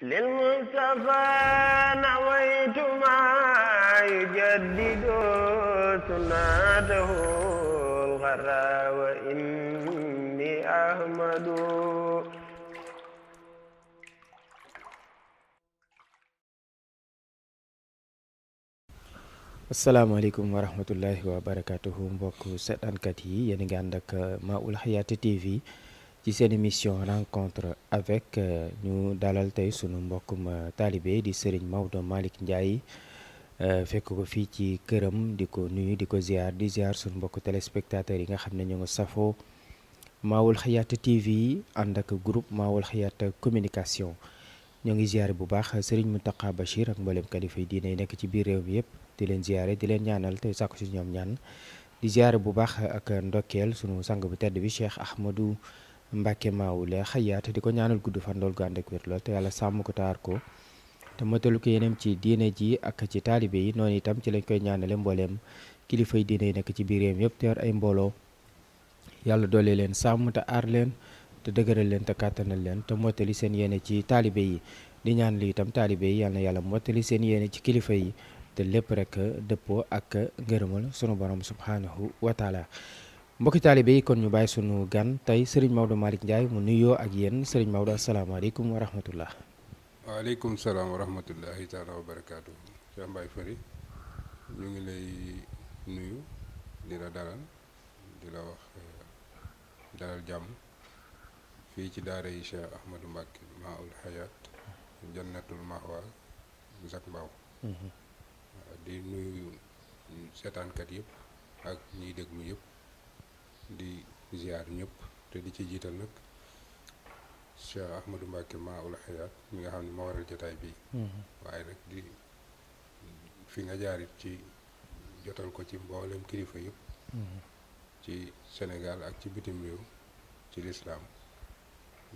للمصطفى نويت ما يجدد سنته الغرى وإني أحمد asalaamaaleykum wa rahmatullahi wa barakatuhu mbokk seetaankat yi yéen a ngi TV ci seen émission rencontre avec euh, ñu dalal tey sunu mbokkum euh, taalibe di sëriñ Maodo Malick Ndiaye euh, fekk ko fii ci këram di ko nuyu di ko ziar di ziar sunu mbokku téléspectateurs yi nga xam ne ñoo nga safoo Maawul Hayaat TV ànd ak groupe Maawul Hayaat communication ñoo ngi ziare bu baax sëriñ Mountakha Bachir ak mboolem kalifa yi diine yi nekk ci biir réew mi yëpp di leen ziare di leen ñaanal te sàkku si ñoom ñaan di ziare bu baax ak ndokkeel sunu sang bu tedd bi Mbacke Maoula xayaat di ko ñaanal gudd fan lool gu ànd wér lool te yàlla sàmm ko taar ko te matalu ko yeneen ci diine ji ak ci taalibe yi noonu itam ci lañ koy ñaanale mbooleem kilifa yi diine yi ci biir yëpp te ay mbooloo yàlla doole leen sàmm te te dëgëral leen te kàttanal leen te mottali seen yéene ci taalibe yi di ñaan li itam taalibe yi yàlla mottali seen yéene ci kilifa yi te lépp rek dëppoo ak ngërëmal sunu borom subhanahu wa mbokki talibé kon ñu bay suñu gan tay Serigne Maodo malik ndjay mu nuyo ak yeen Serigne assalamu alaykum wa rahmatullah. alaykum salaam wa rahmatullahi taala wa barakatuh Cheikh mbay Fari ñu ngi lay nuyu di la dalal di la wax eh, dalal jamm fi ci daara yi Cheikh Ahmadou Mbacke Maoul Hayat jannatul Mahwa Zac Mbao. Mhm. di nuyu kat yëpp ak ñi déglu di ziar ñépp te di ci jiital nag Cheikh Ahmadou Mbacke Maoul Hayaat mi nga xam ne moo waral jotaay bi mhm. waaye nag di fi nga jaarit ci jotal ko ci mboolem kilifa yëpp mhm. ci Sénégal ak ci bitim réew ci lislaam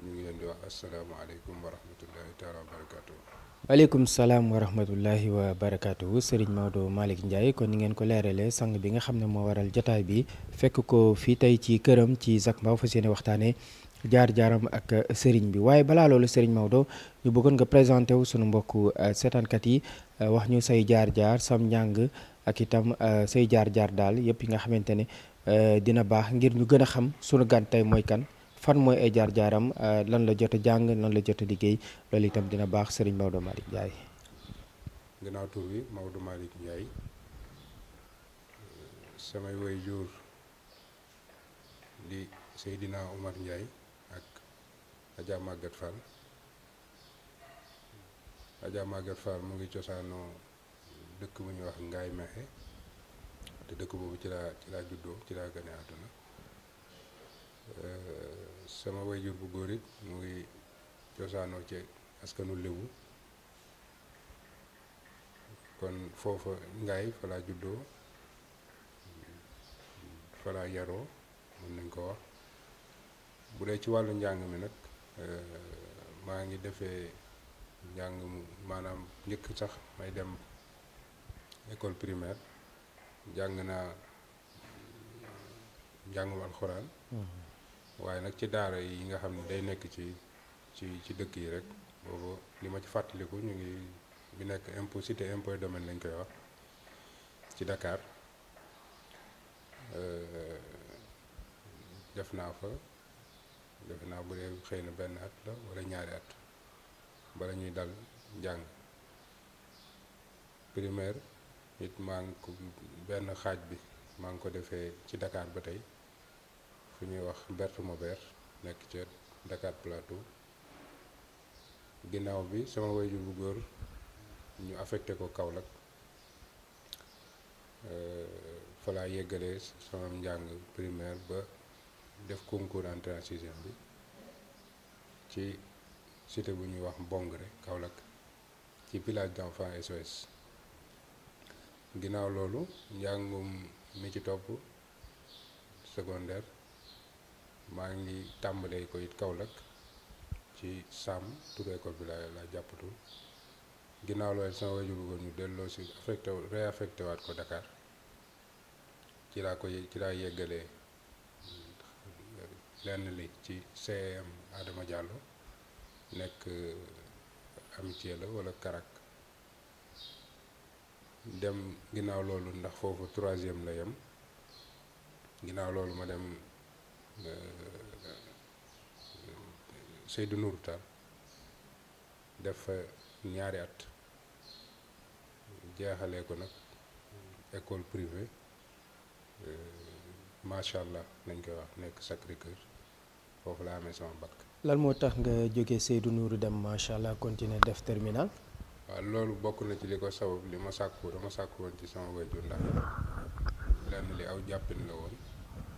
mu ngi leen di wax asalaamaaleykum wa rahmatullahi taala wa barakatuh waaleykum salaam wa rahmatullahi wa barakaatu Serigne Maodo Malick Ndiaye kon ni ngeen ko leeralee sang bi nga xam ne moo waral jataay bi fekk ko fii tey ci këram ci ZAC Mbao fas yéene waxtaanee jaar-jaaram ak Serigne bi waaye balaa loolu Serigne Maodo ñu bëggoon nga présenté wu sunu mbokk uh, seetaankat yi uh, wax ñu say jaar-jaar sam njàng ak itam uh, say jaar-jaar daal yëpp yi nga xamante ne dina baax ngir ñu gën a xam sunu gan tey mooy kan fan mooy ay jaar-jaaram euh, lan la jot a jàng lan la jot a liggéey loolu itam dina baax sëriñ Maodo Malick Ndiaye. ginnaaw tur bi Maodo Malick Ndiaye euh, samay waajur di Seydina Omar Ndiaye ak Adja Maguette Fall Adja Maguette Fall mu ngi cosaanoo dëkk bu ñuy wax Ngaay Mexe te dëkk boobu ci laa ci laa juddoo ci laa gane àdduna euh, sama wayjur bu góor it mu ngi cosaanoo ci askanu léwu kon foofa ngaay fa laa juddoo fa laa yaroo mën nañ ko wax bu dee ci wàllu njàng mi nag euh, maa ngi defee njàng mu maanaam njëkk sax may dem école primaire jàng naa njàngum alxuraan mm-hmm. waaye nag ci daara yi nga xam ne day nekk ci ci ci dëkk yi rek boobu li ma ci fàttaliku ñu ngi bi nekk imposité cité impôt domaine lañ koy wax ci Dakar euh, def naa fa def naa bu xëy na benn at la wala ñaari at bala ñuy dal njàng primaire it maa ngi ko benn xaaj bi maa ngi ko defee ci Dakar ba tey fu ñuy wax Berthe Maubert nekk ca Dakar Plateau ginnaaw bi sama wayjur bu góor ñu affecté ko Kaolack euh, fa laa yeggalee sama njàng primaire ba def concours entrée en sixième bi ci cité bu ñuy wax Bongré Kaolack ci village d'enfants SOS ginnaaw loolu njàngum mi ci topp secondaire maa ngi tàmbalee ko it lag ci Sàmm tur école bi la laa jàppatu ginnaaw loolu sama wajur bu ñu delloo si affecté waat ko Dakar ci laa ko ci laa yeggalee lenn li ci CEM Adama Diallo nekk euh, amitié la walla karak dem ginnaaw loolu ndax foofu troisième la yem ginnaaw loolu ma dem. Seydou Nourou Tall def fa ñaari at jeexalee ko nag école privée euh, macha allah nañ koy wax nekk Sacré-Cœur foofu laa amee sama bac. lan moo tax nga jógee Seydou Nourou dem macha allah continuer def terminal. waaw loolu bokk na ci li ko sabab li ma sàkku dama sàkku woon ci sama wajur ndax lenn li aw jàppin la woon.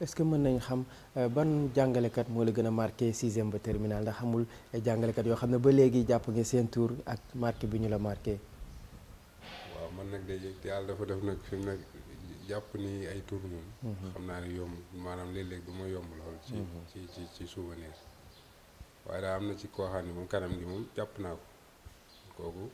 est-ce que mën nañ xam euh, ban jàngalekat moo la gën a marqué sixième ba terminal ndax xamul jàngalekat yoo xam ne ba léegi jàpp nga seen tour ak marqué bi ñu la marqué. waaw man nag day yàlla dafa def nag fi mu nag jàpp ni ay tour mhm. naa ne yomb maanaam léeg-léeg du ma yomb lool. ci mhm. ci ci ci souvenir waaye daa am na ci koo xam moom kanam gi moom jàpp naa ko kooku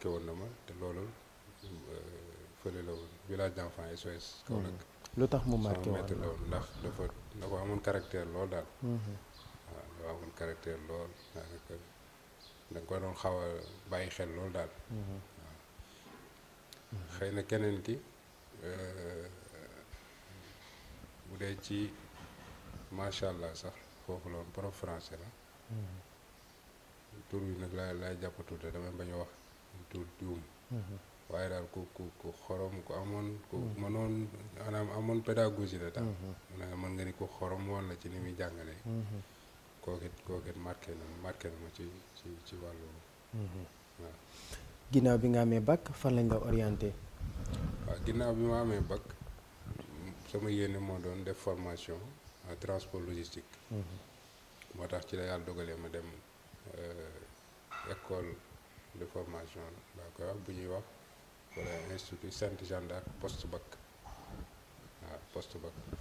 ki woon na ma te loolu euh, fële la woon village d'enfants SOS Kaolack. Mhm. lu tax mu marqué woon loolu ndax dafa dafa amoon caractère lool daal. Mhm. waaw dafa amoon caractère lool daanaka xaw a bàyyi xel lool daal. Mhm. waaw mhm. xëy na keneen ki euh, bu dee ci macha allah sax foofu la woon prof français la. tur bi nag laa laay jàppatute damay bañ wax tur juum. waaye daal ku ku ku xorom ku amoon ku mënoon maanaam amoon pédagogie la daal mhm. mën nga ni ku xorom woon la ci ni muy jàngalee mhm. kookit kookit marqué na marqué na ma ci ci ci wàllu mhm. ginnaaw bi nga amee bac fan lañ la orienté waaw ginnaaw bi mu amee bac sama yéene moo doon def formation en transport logistique moo tax ci la yàlla dogalee ma dem euh, école de formation daa koy wax bu ñuy wax wala institut Sainte Jeanne d'Arc poste bac waaw poste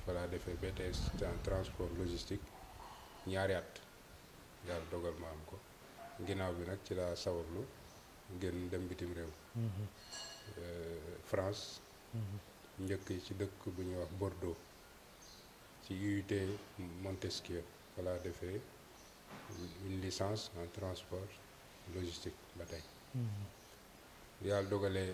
falaa defee BTS transport logistique ñaari at yàlla dogal ma am ko ginnaaw bi nag ci laa sabablu génn dem bitim réew mhm. euh, France mhm. njëkk ci dëkk bu ñuy wax Bordeaux ci UIT Montesquieu falaa defee licence en transport logistique ba tey mhm. yàlla dogalee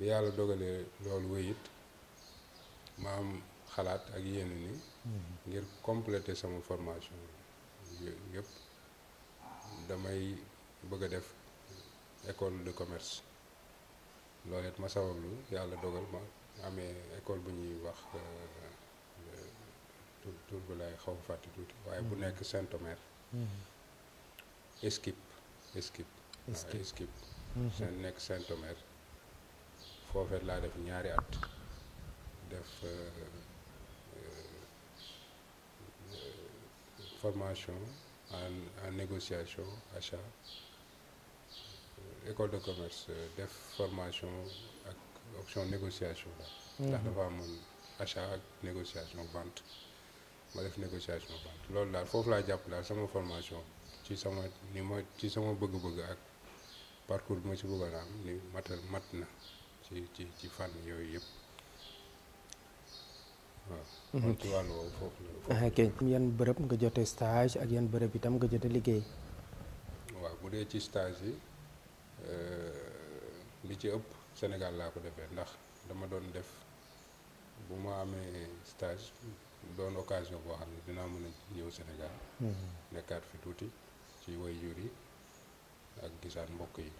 bi yàlla dogalee loolu wéyit ma am xalaat ak yenn ni hmm. ngir compléter sama formation yëpp damay bëgg a def école de commerce loolu it ma sabablu yàlla dogal ma amee école bu ñuy wax euh, euh, tur lay xaw fàtte tuuti waaye bu hmm. nekk Saint-Omer hmm. Esquip Esquip seen nekk Saint-Omer foofee la def ñaari at def euh, euh, formation en négociation achat euh, école de commerce def formation ak option négociation la ndax mhm. dafa amoon achat ak négociation vente ma def négociation vente loolu daal foofu laa jàpp daal sama formation ci sama ni ma ci sama bëgg-bëgg ak parcours bi ma ci bëggoon am ni matal mat na ci ci ci fànn yooyu yëpp waaw. Mhm. ci wàllu woowu foofu la. yan bërëb nga jote stage ak yan bërëb itam nga jote liggéey. waaw bu dee ci stage yi euh, li ci ëpp Sénégal laa ko defee ndax dama doon def bu ma amee stage doon occasion boo xam ne dinaa mën a ñëw Sénégal. Mhm. nekkaat fi tuuti ci way jur yi ak gisaan mbokk yi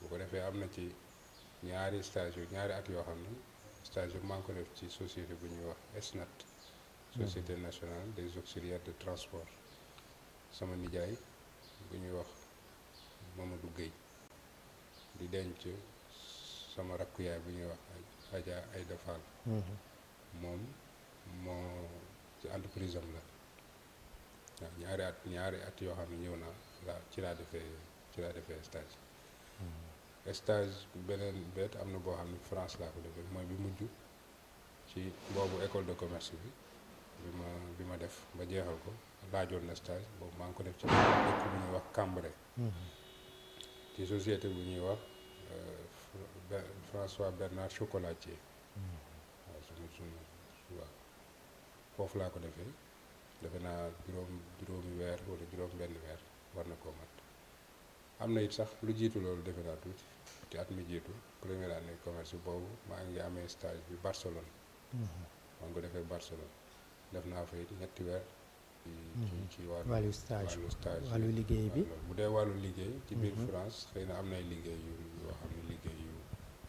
bu ko defee am na ci. ñaari stage ñaari at yoo xam ne stage yu maa ngi ko def ci société bu ñuy wax SNAT société nationale des auxiliaires de transport sama nijaay bu ñuy wax Mamadou Guèye di denc sama rakku yaay bu ñuy wax Adja ay Fall mhm. moom moo ci entreprise am la waaw ñaari at ñaari at yoo xam ne ñëw naa ci laa defee ci laa defee stage mhm. stage beneen bet am na boo xam ne France laa ko defee mooy bi mujj ci boobu école de commerce bi bi ma bi ma def ba jeexal ko laajoon na stage boobu maa ngi ko def ci dëkk bu ñuy wax Cambrai mm-hmm. ci société bu ñuy wax euh, François Bernard Chocolatier mm-hmm. waaw waaw foofu laa ko defee defe naa juróom juróomi weer wala juróom benn weer war na koo mat am na it sax lu jiitu loolu defe naa tuuti te at mi jiitu première année commerce boobu maa ngi amee stage bi Barcelone. Mhm. maa ngi ko defee Barcelone def naa fa it ñetti weer. ci mhm. ci wàllu stage wàllu liggéey bi bu dee wàllu liggéey. ci biir mhm. France xëy na am nay liggéey yu yoo xam ne liggéey yu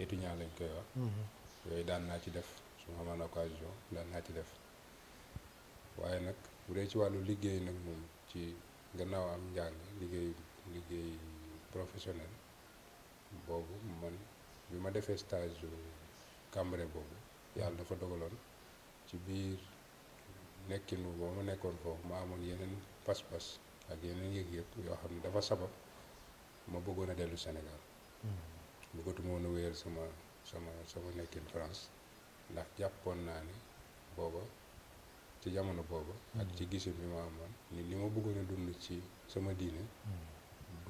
étudiant lañ koy wax. yooyu daan naa ci def su ma amoon occasion daan naa ci def waaye nag bu dee ci wàllu liggéey nag moom ci gannaaw am njàng liggéey liggéey. professionnel boobu man bi ma defee stage Cambérène boobu yàlla dafa dogaloon ci biir nekkinu boo ma nekkoon foofu ma amoon yeneen pas-pas ak yeneen yëg-yëg yoo xam ne dafa sabab ma bëggoon a dellu senegal hmm. bëggatuma woon a wéyal sama sama sama nekkin France ndax jàppoon naa ne booba ci jamono booba ak ci hmm. gisin bi ma amoon ni li ma bëggoon dund ci sama diine hmm.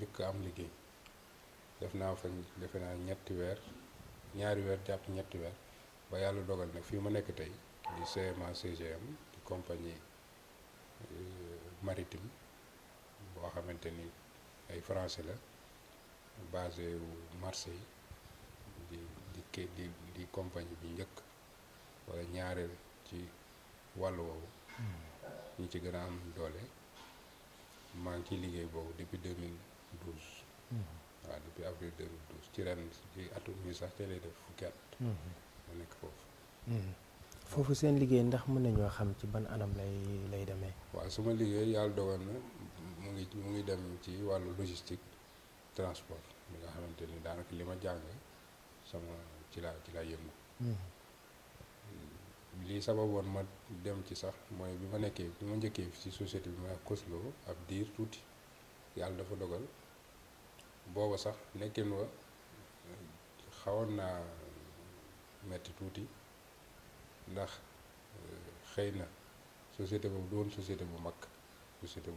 jëkk am liggéey def naa fa defe naa ñetti weer ñaari weer jàpp ñetti weer ba yàlla dogal ne fii ma nekk tey di CMA CGM di compagnie euh, maritime boo xamante ni ay français la basé wu Marseille di di di di compagnie bi njëkk wala ñaareel ci wàll woowu hmm. ñu ci gën a am doole maa ngi ciy liggéey boobu depuis 2000 2012. waaw depuis avril 2012 ci ren ci atum bi sax tey lay def fukki at. mu nekk foofu. foofu seen liggéey ndax mën nañoo xam ci ban anam lay lay demee. waaw suma liggéey yàlla dogal na mu ngi mu ngi dem ci wàllu logistique transport bi nga xamante ni daanaka li ma jàng sama ci laa ci laa yëngu. lii sababoon ma dem ci sax mooy bi ma nekkee bi ma njëkkee ci société bi ma nekk COSLO ab diir tuuti yàlla dafa dogal. booba sax nekkin wa xawoon naa metti tuuti ndax eh, xëy na société boobu doon société bu mag société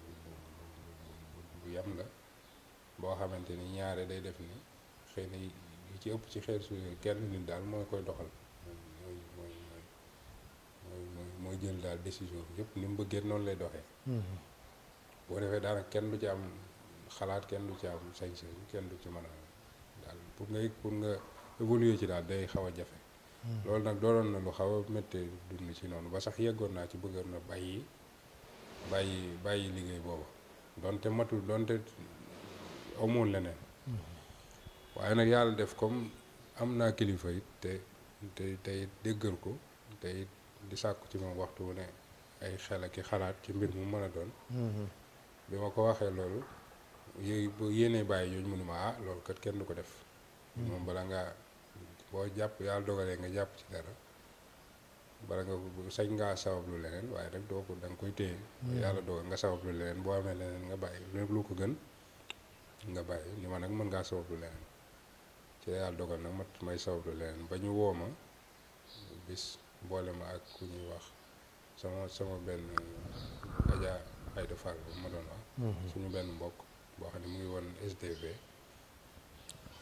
bu yam la boo xamante ni ñaare day def ni xëy na li ci ëpp ci xeer suñu kenn nit daal mooy koy doxal mooy mooy mooy mooy jël daal décision bi yëpp ni mu bëggee noonu lay doxee mm-hmm. boo defee daanaka kenn du ci am xalaat kenn du ci am sañ-sañ kenn du ci mën a daal pour nga pour nga évoluer ci daal day xaw a jafe. Hmm. loolu nag dooloon na lu xaw a méttee dund ci noonu ba sax yeggoon naa ci bëggoon na bàyyi bàyyi bàyyi liggéey boobu donte matul donte amoon leneen. Hmm. waaye nag yàlla def comme am naa kilifa yi te te tey déggal ko te di sàkku ci moom waxtu wu ne ay xel ak i xalaat ci mbir mu mën a doon. Hmm. bi ma ko waxee loolu. yooyu boo yéenee bàyyi yooyu mënuma ah loolu kat kenn du ko def hmm. moom bala ngaa boo jàpp yàlla dogalee nga jàpp ci dara bala nga sañ ngaa sabablu leneen waaye rek doo ko da hmm. yàlla dogal nga sabablu leneen boo amee leneen nga bàyyi lépp lu ko gën nga bàyyi ni ma nag mën ngaa sabablu leneen ci yàlla dogal nag mat may sabablu leneen ba ñu woo ma bis boole ma ak ku ñuy wax sama sama benn ajaa ay defar ba ma doon wax hmm. suñu benn mbokk boo xam ne mu ngi woon SDV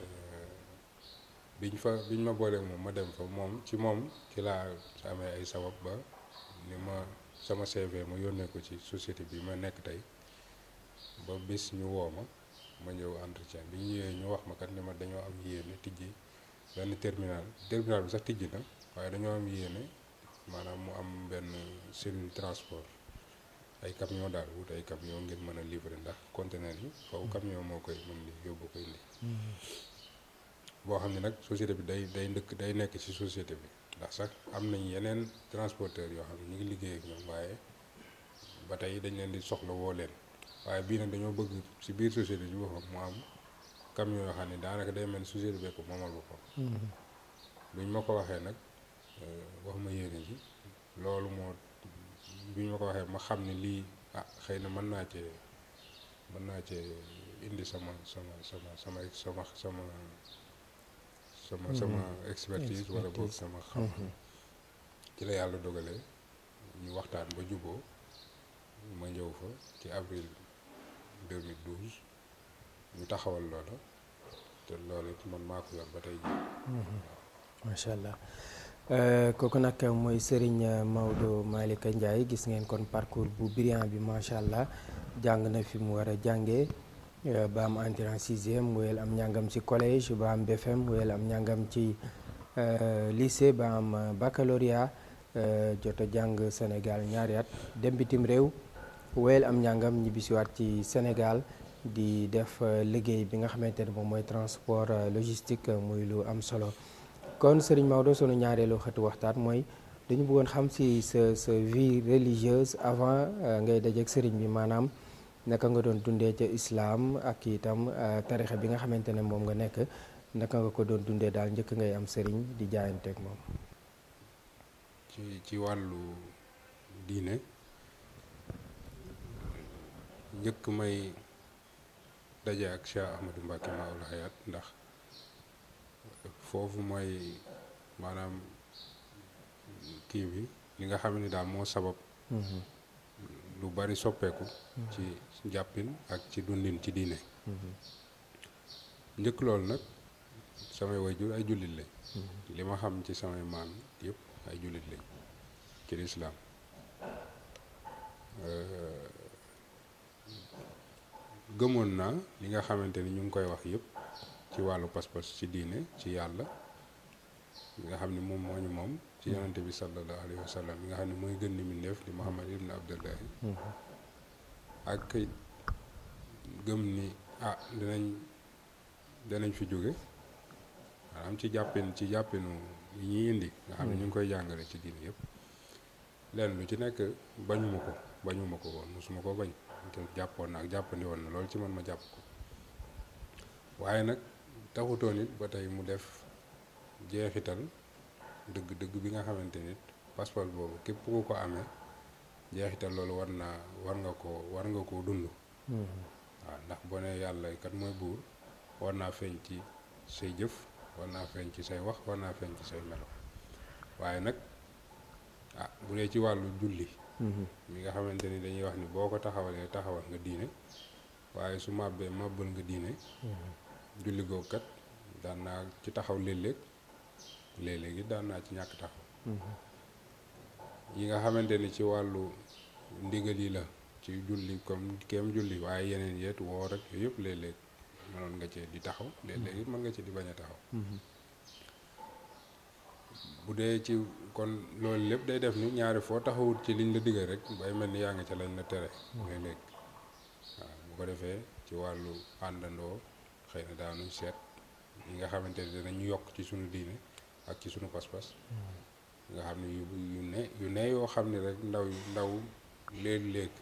euh, biñ fa biñ ma booleeg moom ma dem fa moom ci moom ci laa amee ay sabab ba ni ma sama CV ma yónnee ko ci société bi ma nekk tey ba bis ñu woo ma ma ñëw entretien bi ñu ñëwee ñu wax ma kat ni ma dañoo am yéene tijji benn terminal terminal bi sax tijji na waaye dañoo am yéene maanaam mu am benn cellule transport. ay camion daal wut ay camion ngir mën a livrer ndax conteneur yi faw camion moo koy mën di yóbbu ko indi boo xam ne nag société bi day day ndëkk day nekk ci société bi ndax sax am nañ yeneen transporteur yoo xam ne ñu ngi liggéey ak ñoom waaye ba tey dañ leen di soxla woo leen waaye bii nag dañoo bëgg ci biir société bi boppam mu am camion yoo xam ne daanaka day mel société bi ko moomal boppam buñ mm-hmm. ma ko waxee nag euh, wax ma yéene ji loolu moo bi ñu ma ko waxee ma xam ne lii ah xëy na mën naa cee mën naa cee indi sama sama sama sama sama sama sama mm-hmm. sama expertise wala boog sama xam mm-hmm. ci la yàlla dogalee ñu waxtaan ba juboo ma ñëw fa ci avril 2012 ñu taxawal loola te loolu it man maa yor ba tey jii. Mm-hmm. macha allah. Euh, kooku nag mooy Serigne euh, Maodo Malick Ndiaye gis ngeen kon parcours bu brillant bi macha allah jàng na fi mu war a jàngee euh, ba am entrée en sixième am njàngam ci collège ba am BFM wéyal am njàngam ci lycée ba am baccalauréat jot a jàng Sénégal ñaari at dem bitim réew wéyal am njàngam ñibbisiwaat ci Sénégal di def liggéey bi nga xamante ne moom mooy transport logistique muy lu am solo. kon Serigne Maodo sunu lo xatu waxtaan moy dañu bëggoon xam si ce ce vie religieuse avant euh, ngay ak Serigne bi manam naka nga doon dundé ci islam ak itam euh, tarixa bi nga xamantene mom nga nek naka nga ko doon dundé dal ñëk ngay am Serigne di ak mom ci ci walu diine ñëk may dajje ak Cheikh Ahmadou Mbacke Maoul ndax. foofu mooy maanaam kii bi li nga xam ni daal moo sabab mhm. lu bari soppeeku mhm. ci jàppin ak ci dundin ci diine mhm. njëkk loolu nag samay wayjur ay jullit lañ li ma xam ci samay maam yëpp ay jullit lañ ci lislaam gëmoon naa li nga xamante ni ñu ngi koy wax yépp ci wàllu pas-pas ci diine ci yàlla nga xam ne moom mooñu moom ci yonante bi sallallahu alayhi wa sallam nga xam ne mooy gën ni mbindéef di Muhammad ibn Abdullahi mm-hmm. ak gëm ni ah dinañ danañ fi jóge maanaam ci jàppin ci jàppinu yi ñuy indi nga xam ne ñu ngi koy jàngale ci diine yëpp lenn lu ci nekk bañuma ko bañuma ko woon mosuma ko bañ jàppoon na ak jàppandi woon na loolu ci man ma jàpp ko waaye nag taxu it ba tey mu def jeexital deug deug bi nga xamanteni passeport bobu kep ku ko amé jeexital lolu war naa war nga ko war nga ko dund sejuf, mm-hmm. ndax boné yalla kat moy bour war naa nak, ci say jëf war naa ci say wax war naa ci say melo waaye nak ah bu né ci wàllu julli mm-hmm. mi nga xamanteni dañuy wax ni boko taxawalé taxawal nga diiné waye su mabbe mabbal nga mm-hmm. julli googu kat daan naa ci taxaw léeg-léeg léeg-léegi daan naa ci ñàkk taxaw mm-hmm. yi nga xamante ni ci wàllu ndigal yi la ci julli comme kem julli waaye yeneen yeet woo rek yooyu yëpp léeg-léeg mënoon nga ci di taxaw léeg-léegi mën nga ci di bañ a taxaw mm-hmm. bu dee ci kon loolu lépp day def ni ñaari foo taxawut ci liñ la digal rek bay mel ni yaa ngi ca lañ la tere mm-hmm. léeg-léeg waaw bu ko defee ci wàllu àndandoo xëy na daanuñ seet yi nga xamante ne dinañ yokk ci suñu diine ak ci suñu pas-pas hmm. nga xam ne yu ne yu ne yoo xam ne rek ndaw ndaw léeg-léeg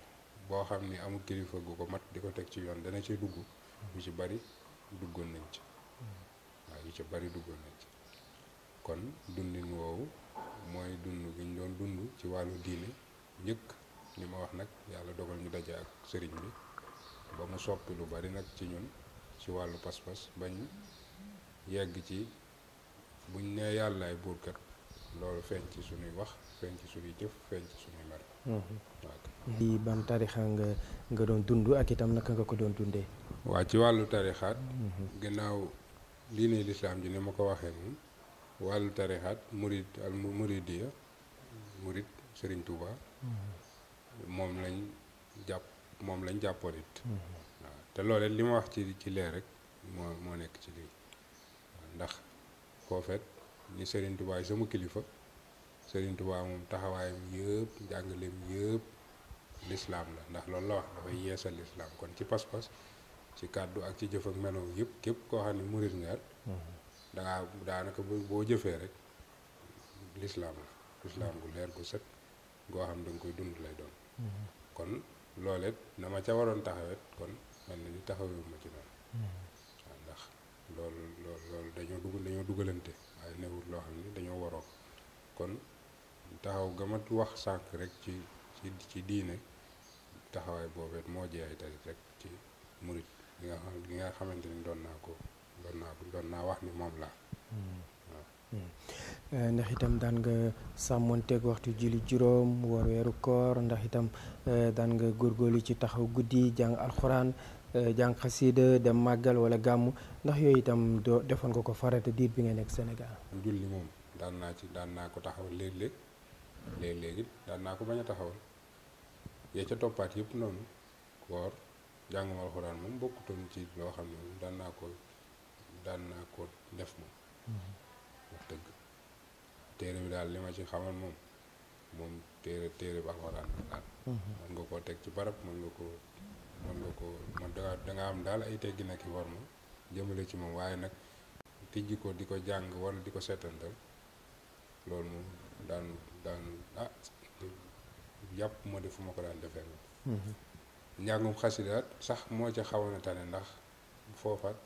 boo xam ni amul kilifa gu ko mat di ko teg ci yoon dana ci dugg hmm. yu ci bari duggoon nañ ci hmm. waaw yu ci bari duggoon nañ ci kon dundin woowu mooy dund gi ñu doon dund ci wàllu diine njëkk li ma wax nag yàlla dogal ñu daje ak sëriñ bi ba mu soppi lu bari nag ci ñun ci wàllu pas-pas bañ yegg ci buñ nee yàllaay buur kat loolu feeñ ci suñuy wax feeñ ci suñuy jëf feeñ ci suñuy mer mm-hmm. ban tarixa nga doon dund ak itam naka nga ko doon dundee waa ci wàllu tarixaat mm-hmm. gannaaw diine lislaam ji ni ma ko waxee nii wàllu tarixaat murid al muridiya murid Serigne Touba mm-hmm. moom lañ jàpp moom lañ jàppoon te loolee li ma wax ci ci leer rek moo moo nekk ci lii ndax koo foofet ni sëriñtuwaay Touba sama kilifa Serigne Touba moom taxawaayam yëpp njàngaleem yëpp lislaam la ndax loolu la wax dafay lislaam kon ci pas-pas ci kàddu ak ci jëf ak yëpp képp koo xam ne murit nga mhm. daanaka boo jëfee rek lislaam la lislaam gu leer gu set goo xam da koy dund lay doon mhm. kon loolet na ma ca waroon taxawet kon mel na ni taxawewuma ci noonu hmm. waaw ndax loolu loolu loolu dañoo dugalante waaye newul loo xam ne dañoo waroo kon taxaw gama wax sànq rek ci ci ci diine taxawaay boobet moo jeexi tamit rek ci murit li nga xam xamante ni doon naa ko doon naa naa wax ni moom la hmm. waaw hmm. Eh, ndax itam daan nga sàmmoon sàmmonteeg waxtu julli juróom woor weeru koor ndax itam eh, daan nga góorgóorlu ci taxaw guddi jàng alxuraan Euh, jàng xasida dem màggal wala gàmm ndax yooyu itam doo defoon nga ko farata diir bi nga nekk Sénégal. julli moom daan naa ci daan naa ko taxawal léeg-léeg léeg daan naa ko bañ a taxawal yee ca toppaat yëpp noonu koor jànguma alxuraan moom ci loo xam ne daan naa ko daan naa ko def mm-hmm. bi daal li ma ci xamal moom moom téere téere ba alxuraan mm-hmm. teg ci barab mën nga koo. man nga ko man am daal ay teggi nag i war ma jëmale ci moom waaye nag tijji ko di ko jàng wala di ko seetantal loolu moom daan daan ah yàpp ma de fu ma ko daan defee moom mhm. njàngum xasidaat sax moo ci xawoon a tane ndax foofaat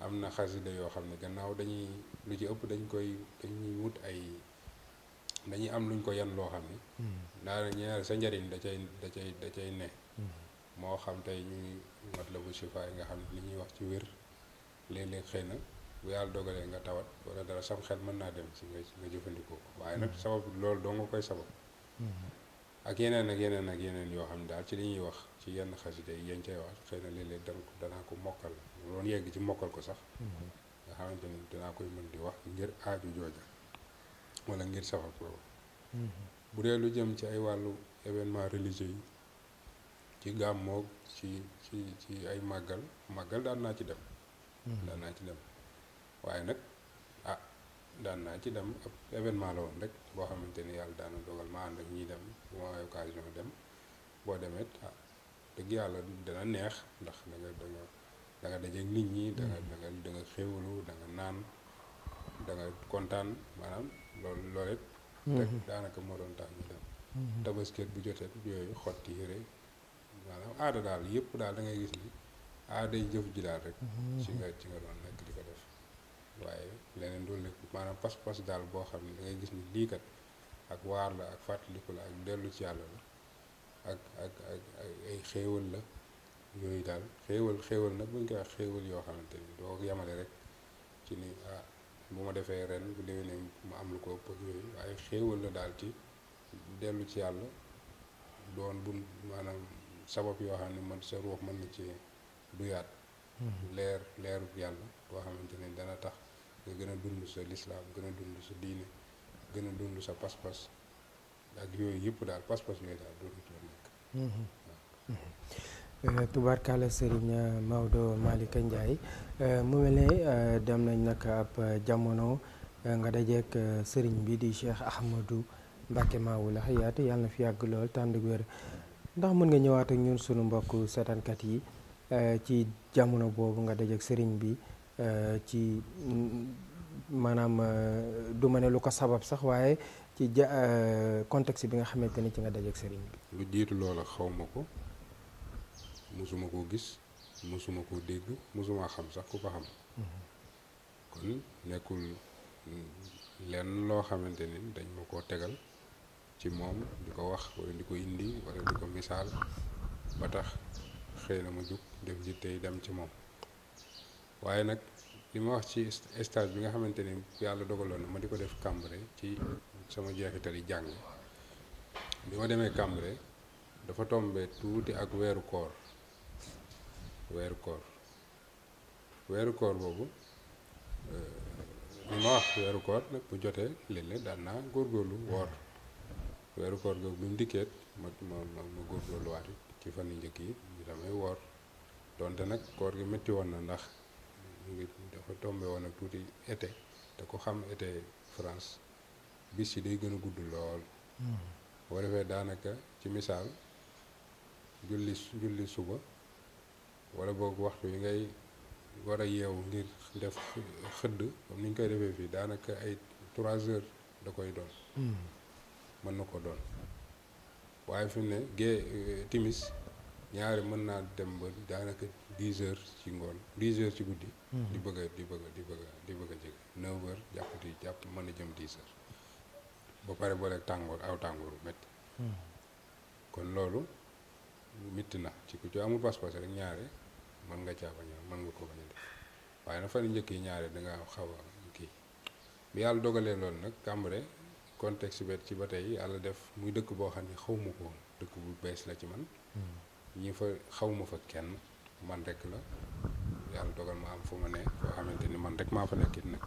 am na xasida yoo xam ne gannaaw dañuy lu ci ëpp dañ koy dañuy wut ay dañuy am luñ ko yan loo xam ne mhm. daana ñaar sa njariñ da cay da cay ne mhm. moo xam tey ñu ngi mat la bu sifa yi nga xam ne li ñuy wax ci wér léeg-léeg xëy na bu yàlla dogalee nga tawat wala dara sam xel mën naa dem si nga nga jëfandikoo waaye nag mm-hmm. sabab loolu doo nga koy sabab mm-hmm. ak yeneen ak yeneen ak yeneen yoo xam ne daal ci li ñuy wax ci yenn xasida yi yéen cay wax xëy na léeg-léeg dana ko danaa ko mokkal loon yegg ci mokkal ko sax mm-hmm. nga xamante ni koy mën di wax ngir aaju jooja wala ngir sabab loolu bu dee lu jëm ci ay wàllu événement religieux yi ci gamok ci ci ci ay magal magal dan na ci dem hmm. dan na ci dem waye nak ah dan na ci dem ab événement la won rek bo xamanteni yalla yàlla dogal ma and ak ñi dem bu ma ay occasion dem bo demet ah dëgg yàlla dana neex ndax da nga da nga da nga dajeeg nit ñi da nga hmm. da nga da nga xewlu da nga naan da nga contane manam lool lool it hmm. rek daanaka mo doon tax ñu dem tabasket bu jotté yoy xoti yére maanaam aada daal yëpp daal da ngay gis ni aaday jëf ji daal rek mhm. ci nga ci nga doon nekk di ko def waaye leneen doolu nekk maanaam pas-pas daal boo xam ne da ngay gis ni lii kat ak waar la ak fàttaliku la ak dellu ci yàlla la ak ak ak ay xéewal la yooyu daal xéewal nag buñ koy wax xéewal yoo xamante ni doo ko yamale rek ci ni ah bu ma defee ren bu déwénee mu am lu ko ëpp yooyu waaye xéewal la daal ci dellu ci yàlla doon bu maanaam sabab yo xamne man sa ruux man na ci yaat mhm. leer leeru yalla bo xamanteni dana tax nga gëna dund sa l'islam gëna dund sa diine gëna dund sa pas pass ak yooyu yëpp daal pas-pas yooyu daal dootu la nekk mhm. Mhm. Eh, tubaarkàlla serigne euh, Maodo Malick Ndiaye euh, mu melé euh, dem nañ nak ap jamono nga ak serigne bi di Cheikh Ahmadou Mbacke Maawul Hayaat yàlla na fi yàgg ndax mën nga ñëwaat ak ñun sunu mbokk seetaankat yi eh, ci jamono boobu nga dajek sëriñ bi eh, ci maanaam mm, du ma ne lu ko sabab sax waaye ci ja contexte eh, bi nga xamante ni ci nga dajek sëriñ bi lu jiitu loola xaw ma ko musuma ko gis musuma ko dégg musuma xam sax ku ko xam mhm. kon nekkul mm, lenn loo xamante ni dañ ma koo tegal ci moom di ko wax wala di ko indi wala di ko misaal ba tax xëy na ma jug def tey dem ci moom waaye nag li ma wax ci stage bi nga xamante ni yàlla dogaloon na ma di ko def Cambéré ci sama jeexital yi jàng bi ma demee Cambéré dafa tombe tuuti ak weeru koor weeru koor weeru koor boobu euh, li ma wax weeru koor nag bu jotee léeg-léeg daan naa woor weeru koor googu bi mu dikkee ma ma ma ma góorgóorluwaat it ci fan yu njëkk yi damay woor donte nag koor gi metti woon na ndax mu ngi dafa tombé woon ak tuuti été te ku xam été France bis yi day gën gudd lool. Hmm. boo defee daanaka ci misaal julli suba wala boog waxtu yi ngay war a yeewu ngir def xëdd comme ni ñu koy defee fii daanaka ay trois heures da koy doon. Hmm. mën na ko doon waaye fi mu ne gée euh, timis ñaari mën naa dem ba daanaka dix heures ci ngoon dix ci guddi hmm. di bëgg di bëgg di bëgg di bëgg a jege neuf heures jàpp di jàpp mën a jëm dix heures ba pare booleeg tàngoor aw tàngoor bu métti hmm. kon loolu métti na ci ku ci amul pas-pas rek ñaare mën nga caa bañ mën nga ko bañ a def waaye na fan njëkk yi ñaare da xaw a kii bi yàlla dogalee loolu nag Cambérène contexte bi ci ba tey yàlla def muy dëkk boo xam ne xaw ma ko dëkk bu bees la ci man. Hmm. ñi fa xawma ma fa kenn man rek la yàlla dogal ma am fu ma ne foo xamante ni man rek maa fa nekkit nag.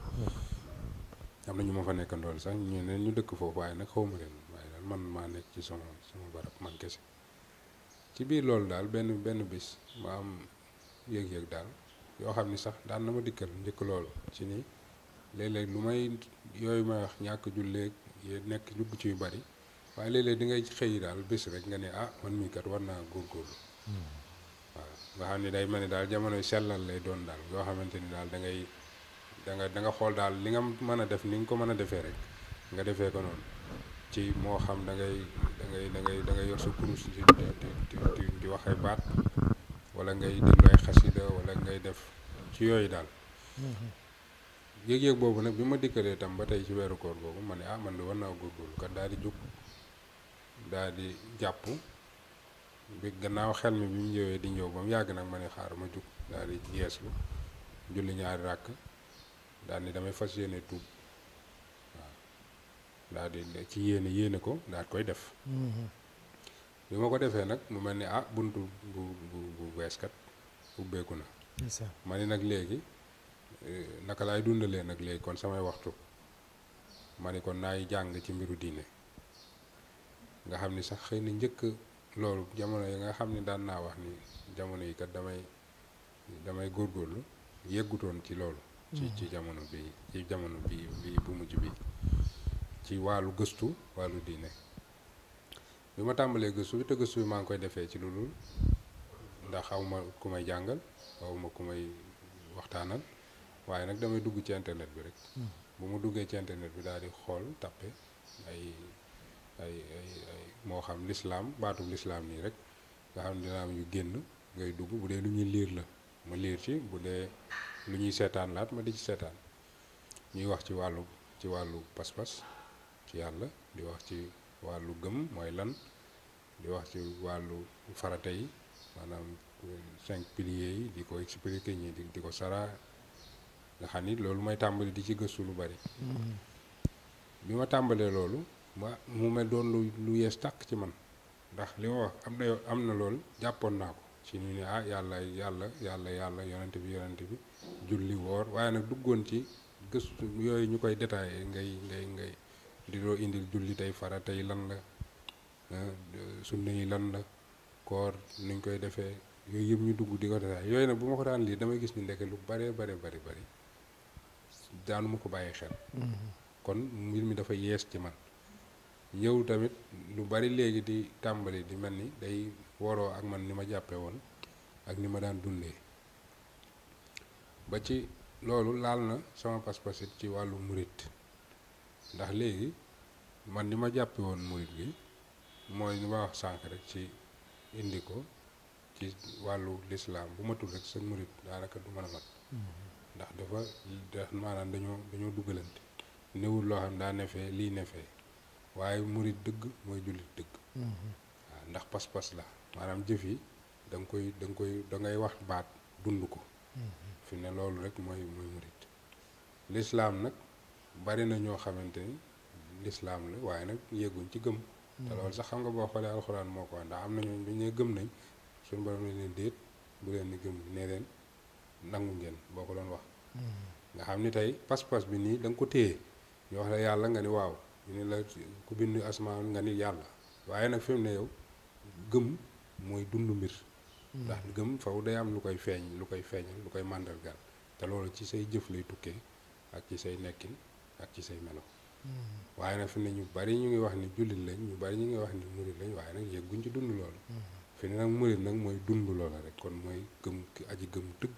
Hmm. am na fa nekkandool sax ñu ne ñu dëkk foofu waaye nag xaw ma leen waaye daal man maa nekk ci sama sama barab man kese ci biir loolu daal benn benn bis ma am yëg-yëg daal yoo xam ni sax daan na ma dikkal njëkk loolu ci ni léeg-léeg lu may yooyu may wax ñàkk julleeg yéeg nekk dugg ci yu bari waaye léeg-léeg di ngay xëy daal bés rek nga ne ah man mii kat war naa góorgóorlu hmm. waaw nga xam ne day mel ne daal jamono sellal lay doon daal yoo xamante ni daal da ngay da da nga xool daal li nga mën a def ni nga ko mën a defee rek nga defee ko noonu ci moo xam dangay dangay dangay ngay da ngay yor sa kurus di di wax ay baat wala ngay déglu ay xasida wala ngay def ci yooyu daal hmm, hmm. yëg-yëg boobu nag bi ma dikkalee tam ba tey ci weeru koor boobu ma ni ah man de war naa góorgóorlu kat daal di jug dal di jàpp bi gannaaw xel mi bi mu ñëwee di ñëw ba mu yàgg nag ma ni xaar ma jug daal di yeeslu julli ñaari ràkk daal ni damay fas yéene tuub waaw daal di ci yéene yéene ko daal koy def mm-hmm. bi ma ko defee nag mu mel ni ah buntu bu bu bu beeskat ubbeeku na ma ni nag léegi Eh, naka laay dundalee nag léegi kon samay waxtu ma ne kon naay jàng ci mbiru diine nga xam ni sax xëy na njëkk loolu jamono yi nga xam ni daan naa wax ni jamono yi kat damay damay góorlu yeggutoon ci loolu ci ci jamono bi ci jamono bi bi bu mujj bi ci wàllu gëstu wàllu diine bi ma tàmbalee gëstu bi te gëstu bi maa ngi koy defee ci loolu ndax xaw ma ku may jàngal xaw ma ku may waxtaanal waaye nag damay dugg ci internet bi rek hmm. bu mu duggee ci internet bi daal di xool tappe ay ay ay moo xam lislaam baatub lislaam nii rek nga xam ne dina am yu génn ngay dugg bu dee lu ñuy liir la ma liir ci bu dee lu ñuy seetaan laat ma di ci seetaan ñuy wax ci wàllu ci wàllu pas-pas ci yàlla di wax ci wàllu gëm mooy lan di wax ci wàllu farata yi maanaam eh, cinq piliers yi di ko expliquer ñi di ko sara nga xam ni loolu may tàmbali di ci gëstu lu bari mm-hmm. bi ma tàmbalee loolu ma mu mel don lu lu yees tàkk ci man ndax li ma wax am na am na loolu jàppoon naa ko ci ñu ne ah yàlla yàlla yàlla yàlla yonente bi yonente bi julli woor waaye nag duggoon ci gëstu yooyu ñu koy détaillé ngay ngay ngay di loo indil julli tey fara tey lan la ah, sunna yi lan la koor nuñ koy defee yooyu yëpp ñu dugg di ko détaillé yooyu nag bu ma ko daan lii damay gis ni ndeke lu bare bare bare bare daanu ko bàyyi xel. Mhm. kon mbir mi dafa yees ci man. yow tamit lu bari léegi di tàmbali di mel ni day woroo ak man ni ma jàppe woon ak ni ma daan dunde ba ci loolu laal na sama pas-pas ci wàllu murit ndax léegi man ni ma jàppe woon murit gi mooy ni ma wax sànq rek ci indi ko ci wàllu lislaam bu matul rek sa murit daanaka du man a mat mhm. ndax dafa da maanaam dañoo dañoo dugalante néewul loo xam ne daa nefee lii nefee waaye murit dëgg mooy jullit dëgg mm-hmm. waaw ndax pas-pas la maanaam jëf yi da koy da koy dangay wax baat dund ko mm-hmm. fi ne loolu rek mooy mooy murit lislaam nag bari na ñoo xamante ni lislaam la waaye nag yegguñ ci gëm te mm-hmm. loolu sax xam nga boo xoolee alxuraan moo ko wax ndax am na ñooñ bi ñu gëm nañ suñu borom ne leen déet bu leen ni gëm ne leen nangu ngeen boo ko doon wax nga xam ni tey pas-pas bi nii danga ko téye ñu wax la yàlla nga ni waaw ñu ne la ku bind asmaan nga ni yàlla waaye nag fi mu ne yow gëm mooy dund mbir ndax gëm faw day am lu koy feeñ lu koy feeñal lu koy màndargal te loolu ci say jëf lay tukkee ak ci say nekkin ak ci say melo waaye nag fi ne ñu bari ñu ngi wax ni jullit lañ ñu bari ñu ngi wax ni murit lañ waaye nag yëgguñ ci dund loolu mm. fi ne nag murit nag mooy dund loola rek kon mooy gëm aji gëm dëgg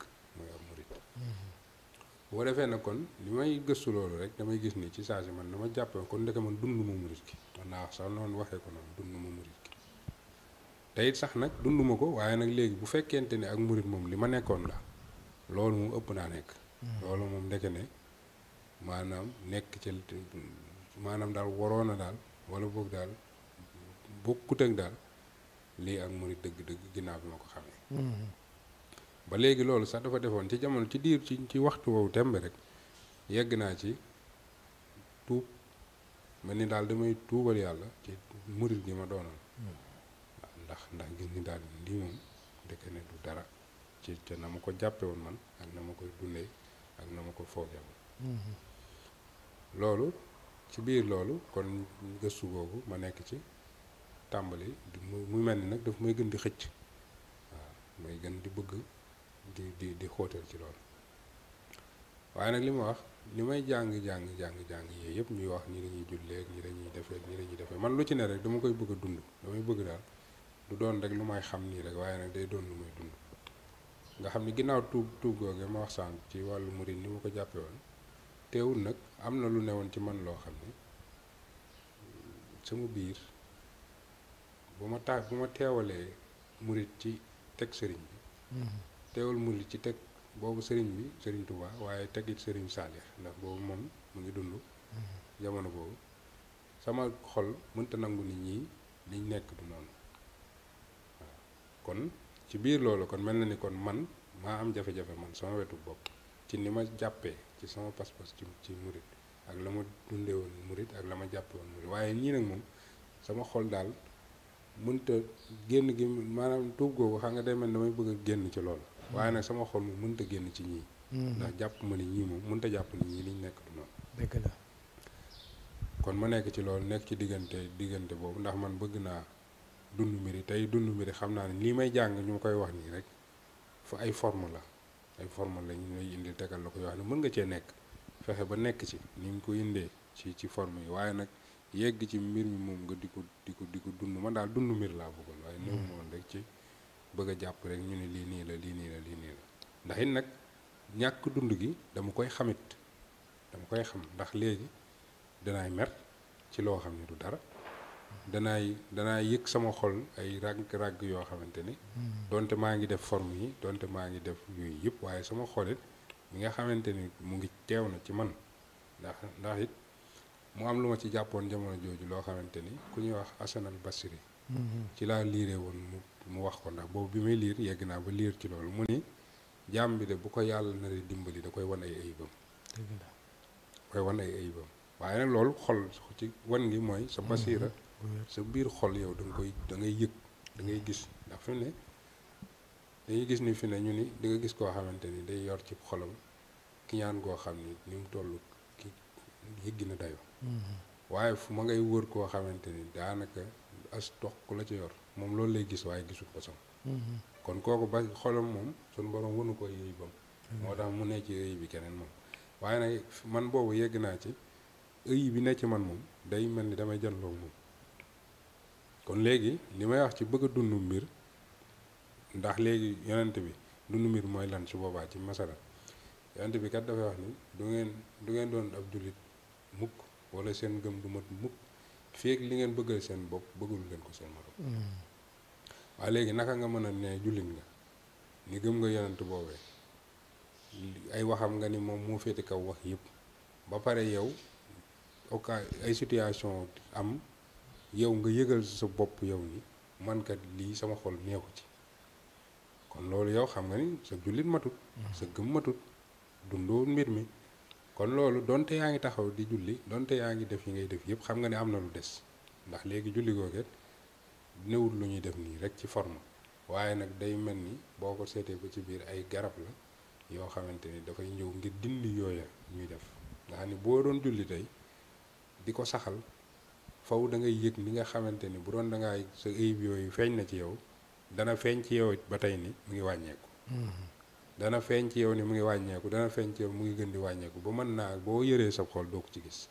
bu ko defee na kon li may gëstu loolu rek damay gis ni ci saa si man dama jàppe kon ndeke man dund ma murit ki man naa wax sax noonu ko noonu dund ma sax nag dund ma ko waaye nag léegi bu fekkente ni ak murit moom li ma nekkoon la loolu mu ëpp naa nekk hmm. loolu moom ndeke ne maanaam nekk ci maanaam daal waroon na daal wala boog daal bokkut ak daal lii ak murit dëgg-dëgg ginnaaw bi ma ko xamee hmm. ba léegi loolu sax dafa defoon ci jamono ci diir ci ci waxtu woowu tembe rek yegg naa ci tuub mel ni daal damay tuubal yàlla ci murit gi ma doonoon hmm. ndax ndax gis ni daal lii moom ne du dara ci te na ma ko jàppe woon man ak na ma koy dundee ak na ma ko fooge woon hmm. loolu ci biir loolu kon gëstu googu ma nekk ci tàmbali muy mel ni nag daf may gën di xëcc waaw may gën di bëgg di di di xóotal ci loolu waaye nag li ma wax li may jàng jàng jàng jàng yooyu yëpp ñuy wax ñi dañuy julleeg ñi dañuy defee ñi dañuy defee man lu ci ne rek dama koy bëgg dund damay bëgg daal lu doon rek lu may xam nii rek waaye nag day doon lu may dund nga xam ni ginnaaw tuub tuub googe ma wax sànq ci wàllu murid ni ma ko jàppe woon teewul nag am na lu newoon ci man loo xam ne sama biir bu ma taa bu ma teewalee murid ci teg sëriñ bi mm-hmm. teewul mu ci teg boobu sëriñ bi sëriñ Touba waaye teg it sëriñ Salih ndax boobu moom mu ngi dund jamono boobu sama xol mënta nangu nit ñi liñ nekk du noonu kon ci biir loolu kon mel na ni kon man maa am jafe-jafe man sama wetu bopp ci ni ma jàppee ci sama pas-pas ci ci murit ak la ma dundee woon murit ak la ma jàppee woon murit waaye ñii nag moom sama xol daal mënta génn gi maanaam tuub googu xam nga day mel damay bëgg a génn ci loolu waaye nag sama xol moom mënut génn ci ñii mm-hmm. ndax jàpp ma ni ñii moom mënut jàpp ni ñii liñ nekk du noonu dëgg kon ma nekk ci loolu nekk ci diggante diggante boobu ndax man bëgg naa dund yi tey dund mbiri xam naa ne lii may jàng ñu ma koy wax nii rek fa ay forme la ay forme la ñu may indi tegal la ko yoo xam ne mën nga cee nekk fexe ba nekk ci ni nga ko indee ci ci forme yi waaye nag yegg ci mbir mi moom nga di ko di ko di ko dund man daal dund mbir laa bëggoon waaye mm-hmm. néew moon rek ci bëgg japp rek ñu ni li ni la li ni la li ni la ndax it nak ñak dund gi dama koy xamit dama koy xam ndax léegi danaay mer ci lo xamni du dara danaay danaay yek sama xol ay rag rag yo xamanteni hmm. donte ma ngi def form yi donte ma ngi def yooyu yep waye sama xolit mi nga xamanteni mu ngi na ci man ndax ndax it mu am luma ci jàppoon jamono joju lo xamanteni ku ñuy wax Asanal Basiri hmm. ci la liire won mu mu wax ko ndax boobu bi may liir yegg naa ba liir ci loolu mu ni jàmm bi de bu ko yàlla na di dimbali da koy wan ay ayibam koy wan ay ayibam waaye nag loolu xol ci wan gi mooy sa mm-hmm. basiira sa biir xol yow da koy dangay ngay yëg da gis ndax fi ne dañuy gis ni fi ne ñu ni di nga gis koo xamante ni day yor ci xolam ki ñaan goo xam ni ni mu toll ki yëggi na dayo mm-hmm. waaye fu ma ngay wër koo xamante ni daanaka as toq la ci yor moom loolu lay gis waaye gisu ko sam mhm. kon kooku ba xolam moom suñ borom wanu ko yëy bam mhm. moo tax mu ne ci ëy bi keneen moom waaye nag man boobu yegg naa ci ëy bi ne ci man moom day mel ni damay janloo moom kon léegi li may wax ci bëgg a dund mbir ndax léegi yonent bi dund mbir mooy lan su boobaa ci masala yonent bi kat dafay wax ni du ngeen du ngeen doon ab jullit mukk wala seen gëm du mat mukk feeg li ngeen bëggal seen bopp bëggul ngeen ko seen morom mm. waaye léegi naka nga mën a ne jullit nga ni gëm nga yonent boobee ay waxam nga ni moom moo féete kaw wax yépp ba pare yow ok ay situation am yow nga yëgal sa bopp yow ni mankat lii sama xol neexu ci kon loolu yow xam nga ni sa jullit matut mm. sa gëm matut dundoo mbir mi kon loolu donte yaa ngi taxaw di julli donte yaa ngi def yi ngay def yëpp xam nga ne am na lu des ndax léegi julli googet newul lu ñuy def nii rek ci forme waaye nag day mel ni boo ko seetee ba ci biir ay garab la yoo xamante ni dafay ñëw ngir dindi yooya ñuy def nga xam ni boo doon julli tey di ko saxal faw da ngay yëg ni nga xamante ni bu doon da ngaa sa ayib yooyu feeñ na ci yow dana feeñ ci yow ba tey nii mu ngi wàññeeku. Mm-hmm. dana feeñ ci yow ni mu ngi wàññeeku dana feeñ ci yow mu ngi gën di wàññeeku ba mën naa boo yëree sa xol doo ko ci gis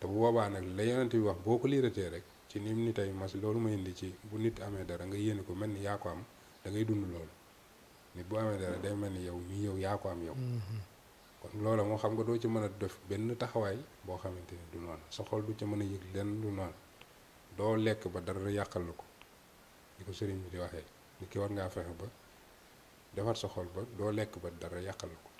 te bu boobaa nag la yonent bi wax boo ko liiratee rek ci nim ni tey mas loolu ma indi ci bu nit amee dara nga yéene ko mel ni yaa ko am da dund loolu nit bu amee dara day mel ni yow mii yow yaa ko am yow mm-hmm. kon loola moo xam nga doo ci mën a def benn taxawaay boo xamante ni du noonu sa xool du ci mën a yëg lenn du noonu doo lekk ba dara yàqal la ko di ko sëriñ bi di waxee nit ki war ngaa fexe ba defar sa xol ba do lek ba dara yakal ko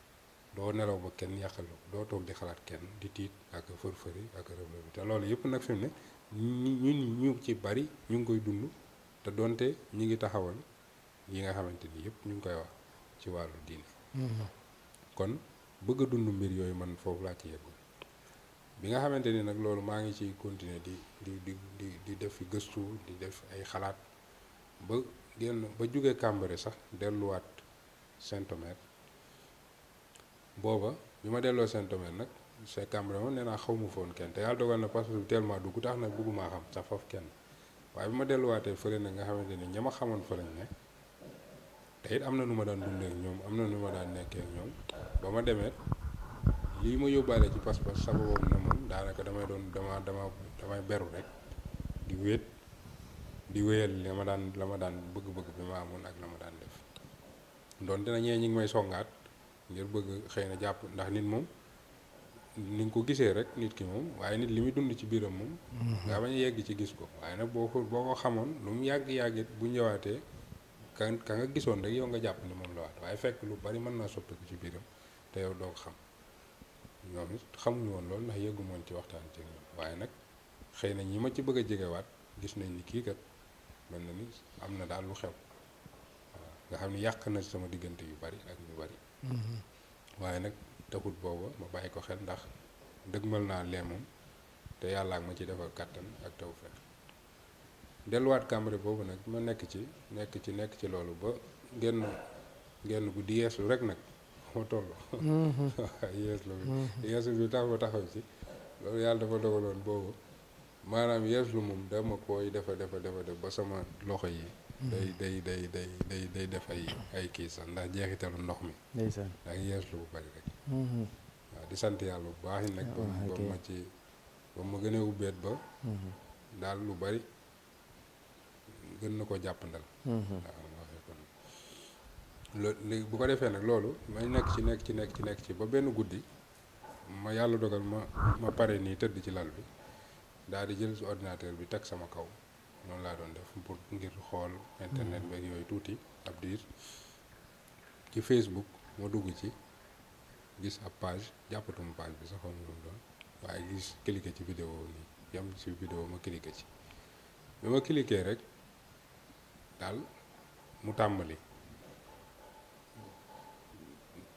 do nelaw ba kenn yakal ko do tok di xalat kenn di tit ak fërfëri ak rëb-rëb te loolu yëpp nag ne ñun ñu ci bari ñu ngoy dund te donte ñi ngi taxawal yi nga xamanteni yep ñu koy wax ci walu diin mm-hmm. kon bëgg dund mbir yoy man fofu la ci yeggu bi nga xamanteni nak nag ma ngi ci continuer di di di di di def gëstu di def ay xalat ba genn ba jóge kàmbare sax wat Saint-Omer booba bi ma delloo Saint-Omer nag c'est Cambérène nee naa xaw ma foon kenn te yàlla dogal na passeport bi tellement dugg tax na bëggumaa xam sax foofu kenn waaye bi ma delluwaatee fële nag nga xamante ni ña ma xamoon fa lañ te am na nu ma daan dundee ñoom am na nu ma daan nekkee ñoom ba ma demee lii ma yóbbaale ci passeport sababoon na moom daanaka damay doon dama dama damay beru rek di wéet di wéyal la ma daan la ma daan bëgg-bëgg bi ma amoon ak la ma daan donte na ñee ñi ngi may songaat ngir bëgg xëy na jàpp ndax nit moom ni nga ko gisee rek nit ki moom waaye nit li muy dund ci biiram moom nga mhm. bañ a yegg ci gis ko waaye nag boo ko boo ko xamoon lu mu yàgg-yàggit bu ñëwaatee ka ka nga gisoon rek yow nga jàpp ni moom la waat waaye fekk lu bari mën naa soppiku ci biiram te yow doo xam ñoom it xamuñu woon loolu ndax yëggu moon ci waxtaan ci ñoom waaye nag xëy na ñii ma ci bëgg a jegewaat gis nañ ni kii kat mel na ni am na daal lu xew nga xam ne yàq na sama diggante yu bari ak ñu bari. Mm-hmm. waaye nag taxut boobu ma bàyyi ko xel ndax dëgmal naa lee moom te yàlla ak ma ci defal kàttan ak tawfeex delluwaat Cambérène boobu nag ma nekk ci nekk ci nekk ci loolu ba génn génn guddi yeeslu rek nag ma toll. Mm-hmm. yeeslu bi mm-hmm. yeeslu bi tax ma taxaw ci loolu yàlla dafa dogaloon boobu maanaam yeeslu moom dama koy defa defa defa ba sama loxo yi. day day day day day day def ay ay kii sax ndax jeexitalu ndox mi. ndeysaan da ngay yees lu bari rek. Mm-hmm. waaw di sant yàlla bu baax yi nag. ba ah, ma ci ma gën a ubbeet ba. Mm-hmm. daal lu bari gën na ko jàppandal. Mm-hmm. loolu li bu ko defee nag loolu may nekk ci nekk ci nekk ci nekk ci ba benn guddi ma yàlla dogal ma ma pare nii tëdd ci lal bi daal di jël ordinateur bi teg sama kaw. non la doon def pour ngir xool internet hmm. beeg yooyu tuuti ab diir ci facebook ma dugg ci gis ab page jàppatuma page bi sax xawma lu doon waaye gis cliqué ci vidéo ni yam ci vidéo ma cliqué ci bi ma cliqué rek daal mu tàmbali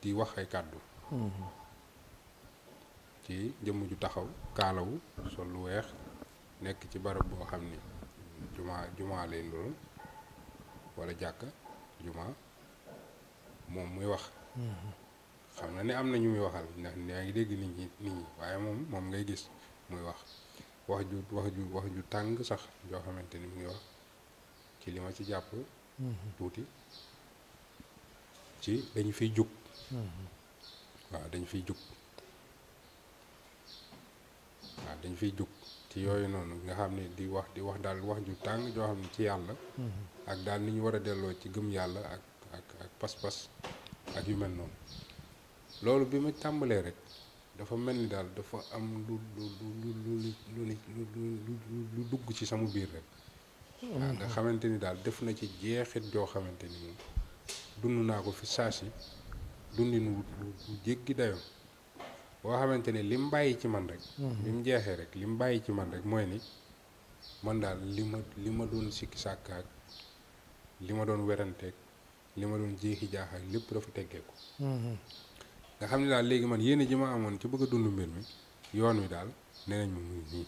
di wax ay kàddu hmm. ci jëmm ju taxaw kaalawu sol lu weex nekk ci barab boo xam ni juma juma lay nuru walla jàkk juma moom muy wax. Mm-hmm. xam na ni am na ñu muy waxal ndax yaa ngi dégg nit ñi nit ñi waaye moom moom ngay gis muy wax wax ju wax ju wax ju tàng sax joo xamante ni mu ngi wax ci li ci jàpp. Mm-hmm. tuuti ci dañu fiy jug. Mm-hmm. waaw dañu fiy jug waaw dañu fiy jug. ci yooyu noonu nga xam ne di wax di wax daal wax ju tàng joo xam ne ci yàlla ak daal ni ñu war a delloo ci gëm yàlla ak ak ak pas-pas ak yu mel noonu loolu bi ma tàmbalee rek dafa mel ni daal dafa am lu lu lu lu lu lu dugg ci sama biir rek waaw nga xamante ni daal def na ci jeexit joo xamante ni dund naa ko fi saasi dundi nu lu jéggi dayoon boo xamante ne li mu bàyyi ci man rek mhm. bi mu jeexee rek li mu bàyyi ci man rek mooy ni man daal li ma li ma doon sikki sàkkaak li ma doon weranteeg li ma doon jeexi jaaxaak lépp dafa teggeeku mhm. nga xam ne daal léegi man yéene ji ma amoon ci bëgg dund mbir mi yoon wi daal nee nañ mu muy nii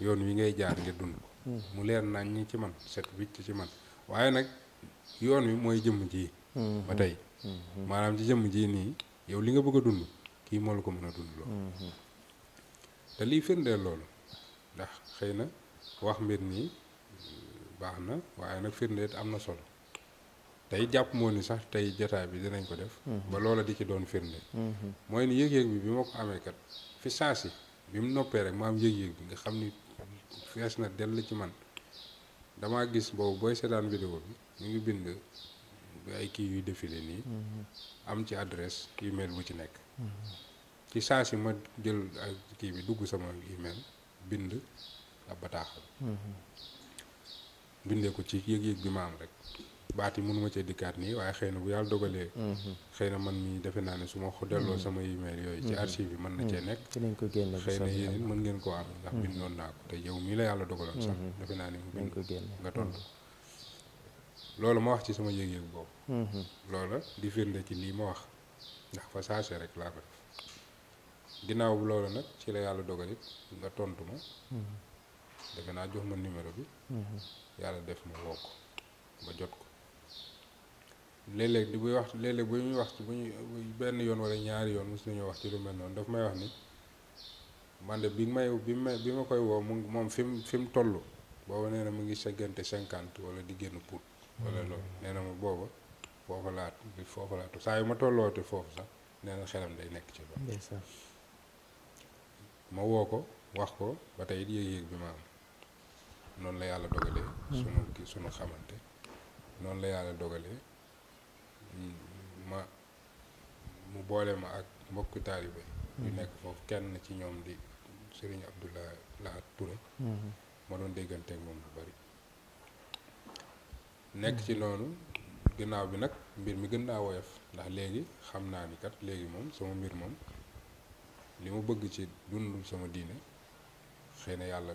yoon wi ngay jaar ngir dund ko mhm. mu leer nañ ñi ci man set wicc ci man waaye nag yoon wi mooy jëmm ji ba tey maanaam ci jëmm ji nii yow li nga bëgg a dund kii moo la ko mën a dund loolu mhm. te liy firndeel loolu ndax xëy na wax mbir nii baax na waaye nag firndeet am na solo tey jàpp moo ni sax tey jataay bi dinañ ko def mhm. ba loola di ci doon firnde mhm. mooy ni yëg-yëg bi bi ma ko amee fi saa si bi mu noppee rek ma am yëg-yëg bi nga xam ni fees na dell ci man dama gis boobu booy seetaan vidéo bi mu ngi bind ay kii yuy défilé nii am ci adresse email bu ci nekk ci saa si ma jël kii bi dugg sama email bind ab bataaxal bindee ko ci yëg-yëg bi ma rek baat yi mënuma cee dikkaat nii waaye xëy na bu yàlla dogalee xëy na man mii defe naa ne su ma delloo sama email yooyu ci archive bi mën na cee nekk xëy na yéen mën ngeen koo am ndax bindoon naa ko te yow mii la yàlla dogaloon sax mhm. defe naa ne bind nga tontu loolu ma wax ci sama yëg-yëg boobu mhm. loola di firnde ci lii ma wax ndax fa saase rek laa ko def ginnaaw bu loolu nag ci la yàlla dogal it nga tontu ma. defe naa jox ma numéro bi. yàlla def ma woo ko ba jot ko léeg-léeg buy wax léeg bu ñuy wax bu ñuy benn yoon wala ñaari yoon mos nañoo wax ci lu mel noonu daf may wax ni man de bi may bi ma bi ma koy woo mu moom fi mu fi mu toll booba nee na mu ngi seggante cinquante wala di génn pour. wala loolu nee ma booba. foofu laa foofu saa yi ma tolloote foofu sax nee na xelam day nekk ci loolu ma woo ko wax ko ba tey it yéeg bi ma am noonu la yàlla dogalee sunu hmm. ki sunu xamante noonu la yàlla dogalee ma mu boole ma ak mbokki taalibe yu hmm. nekk foofu kenn ci ñoom di Sëriñ Abdoulaye Lahat Touré hmm. ma doon dégganteeg moom bu bari nekk ci noonu ginnaaw bi nag mbir mi gën naa woyof ndax léegi xam naa ni kat léegi moom sama mbir moom li ma bëgg ci dund sama diine xëy na yàlla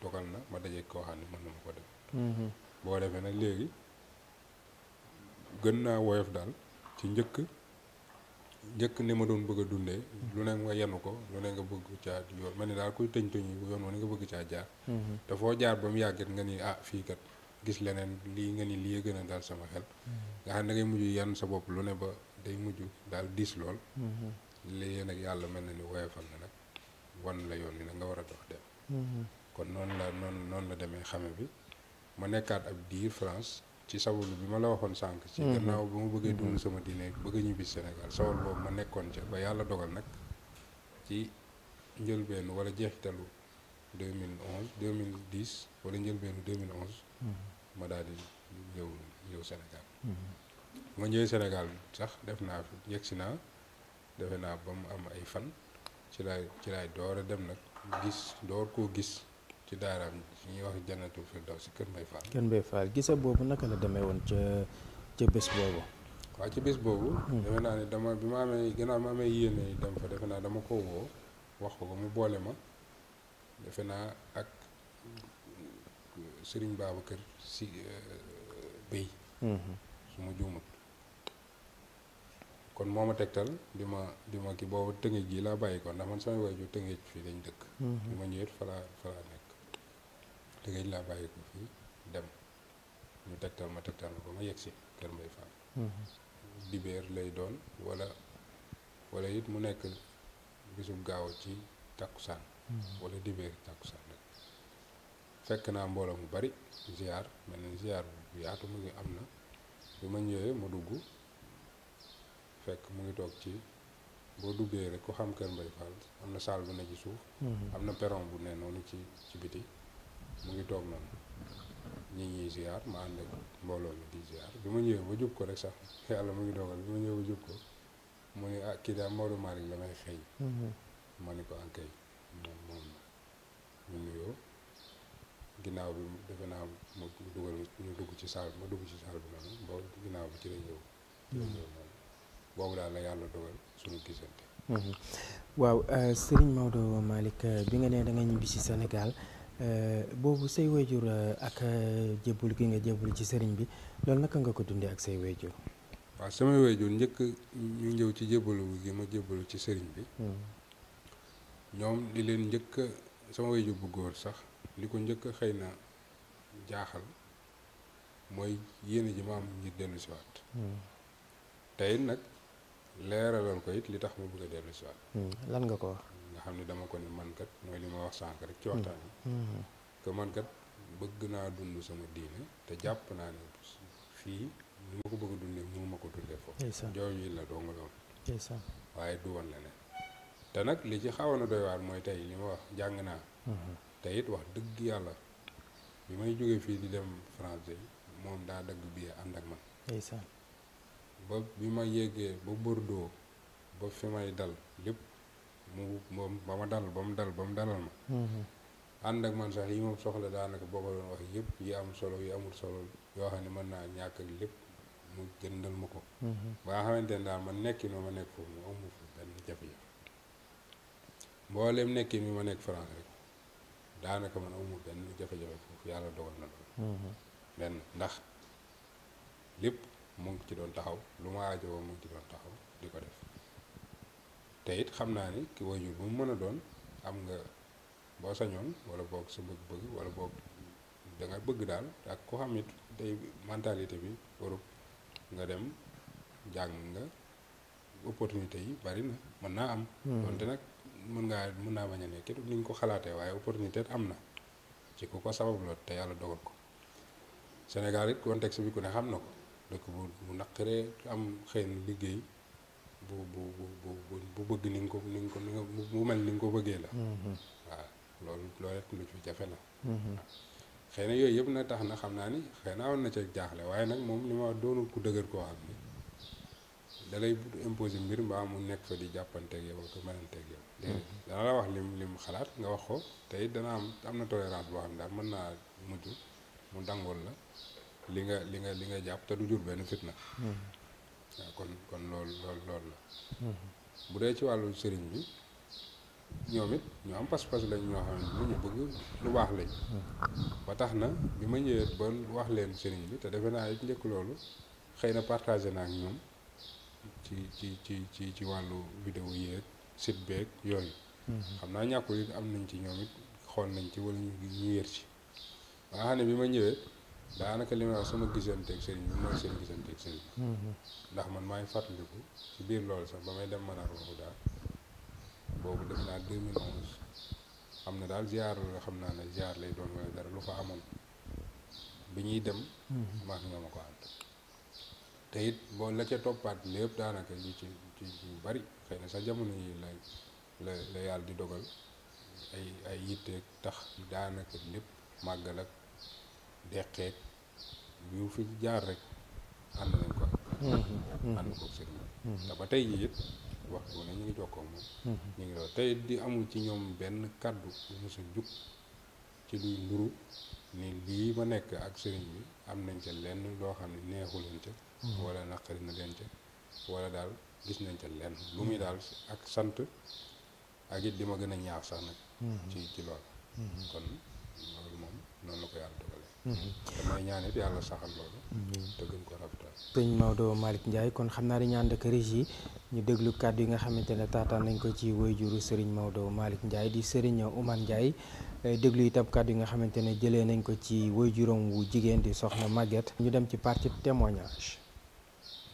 dogal na ma daje koo xam mën na ma ko def mhm. boo defee nag léegi gën naa woyof daal ci njëkk njëkk ni ma doon bëgg a dundee lu ne nga yenu ko lu ne nga bëgg caa yoon ma ne daal kuy tëñ tëñu yoon wa ni nga bëgg caa jaar mhm. te jaar ba mu yàggit nga ni ah fii kat gis leneen li nga ni li gën a dal sama xel mm-hmm. nga xam da ngay mujj yan sa bopp lu ne ba day mujj daal diis lool mm-hmm. lii nag yàlla mel na ni woyofal na nag wan la yoon ni nga war a dox dem mm-hmm. kon noonu la noonu noonu la demee xame bi ma nekkaat ab diir france ci sawolu bi ma la waxoon sànq ci gannaaw bu ma bëggee dund sama diine bëgg ñu ñibbi sénégal sawol boobu ma nekkoon ca ba yàlla dogal nag ci njëlbeenu wala jeexitalu 2011 2010 wala njëlbeenu 2011 ma daal di ñëw senegal Sénégal. Mm-hmm. ma ñëwee Sénégal sax def naa fi si naa defe naa ba mu am ay fan ci lay ci laay door a dem nag gis door koo gis ci daaraam ñuy wax jannatul firdaws si Kër Mbay Fall. gise boobu naka la demee woon ca ca bés boobu. waaw ci bés boobu. Mm-hmm. defe naa ne dama bi ma amee gannaaw ma amee yéene dem fa defe naa dama ko woo wax ko ko mu boole ma defe naa ak Serigne Babacar si euh, béy. Mhm. su ma juumut kon moo ma tegtal bi ma bi ma ki boobu tëngéej gi laa bàyyi kon ndax man samay waajur tëngéej fii lañ dëkk. Mhm. bi ma ñëwee falaa falaa nekk tëngéej laa bàyyi ko fii dem ñu tegtal ma tegtal ma ba ma yegg si Kër Mbaye Fall. Mhm. dibeer lay doon walla walla it mu nekk bisub gaaw ci takkusaan. wala dibeer takkusaan. fekk naa mbooloo mu bari ziar mel na ziar bu yaatu mu ngi am na bi ma ñëwee mu dugg fekk mu ngi toog ci boo duggee rek ku xam Kër Mbaye Fall am na salle bu ne ci suuf hmm. am na perron bu ne noonu ci ci biti mu ngi toog noonu ñi ñuy ziar ma ànd mbooloo mi di ziar bi ma ñëwee ba jub ko rek sax yàlla mu ngi doogal bi ma ñëwee ba jub ko mu ni ah kii daal Maodo Malick la may xëy hmm. ma ni ko ankay ah, moom moom la ñu ginnaaw bi defe naa mu dugal ñu dugg ci saal ma dugg ci saal bi noonu ba ginnaaw bi ci la ñëw. boobu daal la yàlla dogal suñu gisante. Mhm. waaw euh, Serigne Maodo Malick euh, bi nga ne da nga ñibbi ci Sénégal euh, boobu say wayjur ak jébbul gi nga jébbul ci sëriñ bi loolu naka nga ko dundee ak say wayjur. waaw samay wayjur njëkk ñu ñëw ci jébbalu gi ma jébbalu ci sëriñ bi. Mhm. ñoom di leen njëkk sama wayjur bu góor sax. li ko njëkk xëy na jaaxal mooy yéene ji ma am ngir dellu si hmm. tey nag leeraloon ko it li tax ma bëgg a dellu si hmm. lan nga ko wax nga xam ne dama ko ne man mooy li ma wax sànq rek ci hmm. waxtaan yi que bëgg naa dund sama diine te jàpp naa ne fii ni ma ko bëgg a dundee mënu ma ko dundee foofu jooju la doo nga loon waaye du woon leneen te nag li ci xawoon a doy waar mooy tey li ma wax jàng naa te it wax dëgg yàlla bi may jógee fii di dem France moom daa dëgg bii ànd ak man ba bi ma yéegee ba Bordeaux ba fi may dal lépp mu ba ma dal ba mu dal ba mu dalal ma mhm. ànd ak man sax yi moom soxla daanaka boo ko doon wax yëpp yi am solo yi amul solo yoo xam ne mën naa ñàkk lépp mu jëndal ma ko mhm. ba nga xamante ne daal man nekki ma ma nekk foofu mu amul benn jafe-jafe mboolem nekki mi ma nekk France rek daanaka man amul benn jafe-jafe foofu yàlla dogal na loolu mhm. benn ndax lépp mu ngi ci doon taxaw lu ma aajowoo mu ngi ci doon taxaw di ko def te it xam naa ni ki wajur bu mu mën a doon am nga boo sañoon wala boog sa bëgg-bëgg wala boog da nga bëgg daal ak ko xam it tey mentalité bi Europe nga dem jàng nga opportunité yi bari mën naa am mhm. donte nag mën ngaa mën naa bañ a nekk ni ñu ko xalaatee waaye opportunité am na ci ku ko sababla te yàlla dogal ko Sénégal it contexte mi ku ne xam na ko dëkk bu bu naqaree am xëy na liggéey bu bu bu bu bëgg ni ko ni ko ni nga bu mel ni nga ko bëggee la. Mm-hmm. waaw loolu loolu it lu ci jafe la. Mm-hmm. xëy na yooyu yëpp na tax na xam naa ni xëy na awoon na ca jaaxle waaye nag moom li ma doonul ku dëgër koo xam ni dalay lay imposer mbir mbaa mu nek fa di jàppanteeg yow ak yow. Mm-hmm. da la wax lim lim xalat nga wax ko tay dana am amna tolérance xam ne man na muju mu dangol la li nga li nga li nga japp ta du jur ben fitna. Mm-hmm. Ah, kon kon lol lol lol la. Mm-hmm. bu dee ci walu sëriñ bi ñoom ñu am pas-pas lañ ñoo xam ñu bëgg lu baax lañ. ba taxna bima bi ba wax leen sëriñ bi te defe naa it njëkk na ñoom. ci ci ci ci ci wàllu vidéo yeeg site beeg yooyu. Mm-hmm. xam naa ñàkkul it am nañ ci ñoom it xool nañ ci wala ñu ñu yër ci. waaw xam ne bi ma ñëwee daanaka li ma wax sama gisanteeg sëriñ bi mooy seen gisanteeg sëriñ mm-hmm. ndax man maa ngi fàttaliku ci biir lool sax ba may dem Manar waxu daal boobu def naa 2011 am na daal ziar la xam naa ne ziar lay doon wala dara lu fa amoon bi ñuy dem. Mm-hmm. maa ngi ma ko ànd. te boo la ca toppaat lépp daanaka li ci yu bari xëy na sa jamono yi la la yàlla di dogal ay ay yitteeg tax daanaka lépp màggal ak deqeeg yu fi jaar rek ànd nañ ko ak hmm, hmm, hmm. ànd ko sëriñ ba tey jii waxtu ne ñu ngi jokkoo moom ñu ngi loolu tey di amul ci ñoom benn kàddu bu mos a jug ci luy nduru ni lii ma nekk ak sëriñ bi am nañ ca lenn loo xam ne neexu leen ca wala naqari na leen ca wala daal gis nañ ca lenn lu muy daal ak sant ak it di ma gën a ñaax sax nag mhm. ci ci lool mhm. kon noonu la ko yàlla dogalee mhm. damay ñaan it yàlla saxal loolu Maodo Malick Ndiaye kon xam naa di ñaan dëkk régi ñu déglu kàddu yi nga xamante ne taataan nañ ko ci wayjuru Serigne Maodo malik njaay di Serigne Oumar Ndiaye eh, déglu itam kàddu yi nga xamante ne jëlee nañ ko ci wayjuram wu jigéen di soxna Maguette ñu dem ci partie témoignage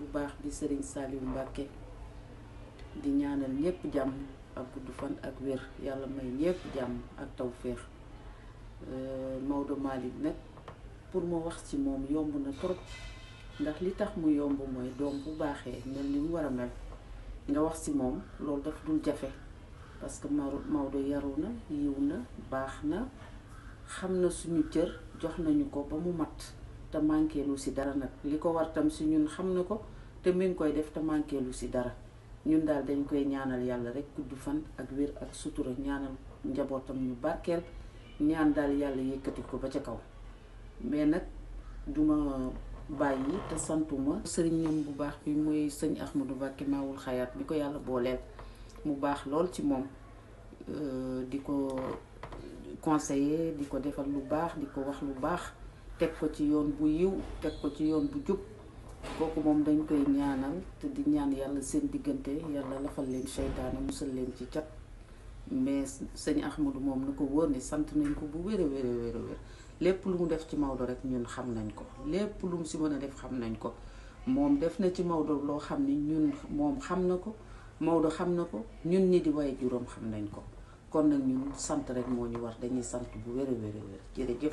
bu baax bi sëriñ Saliou Mbacke di ñaanal ñépp jàmm ak gudd fan ak wér yàlla may ñépp jàmm ak tawféex euh, Maodo Malick nag pour ma wax ci moom yomb na trop ndax li tax mu yomb mooy doom bu baaxee mel ni war a mel nga wax ci moom loolu daf dul jafe parce que Maodo yaru na yiw na baax na xam na suñu cër jox nañu ko ba mu mat te manqué lu si dara nag li ko war tam si ñun xam na ko te mi ngi koy def te manqué lu si dara ñun daal dañ koy ñaanal yàlla rek kuddu fan ak wér ak sutura ñaanal njabootam ñu barkeel ñaan daal yàlla yëkkati ko ba ca kaw mais nag duma bàyyi te santuma sëriñam bu baax bi mooy sëñ du Mbacké Maawul Xayaat bi ko yàlla booleel mu baax lool ci moom euh, di ko conseiller di ko defal lu baax di ko wax lu baax teg ko ci yoon bu yiw teg ko ci yoon bu jub kooku moom dañ koy ñaanal te di ñaan yàlla seen diggante yàlla lafal leen seytaane musal leen ci cat mais sëñ Ahmadou moom na ko wóor ni sant nañ ko bu wér a wér a lépp lu mu def ci Maodo rek ñun xam nañ ko lépp lu si mën a def xam nañ ko moom def na ci Maodo loo xam ni ñun moom xam na ko Maodo xam na ko ñun ñi di waaye juróom xam nañ ko kon nag ñun sant rek moo ñu war dañuy sant bu wér a wér a wér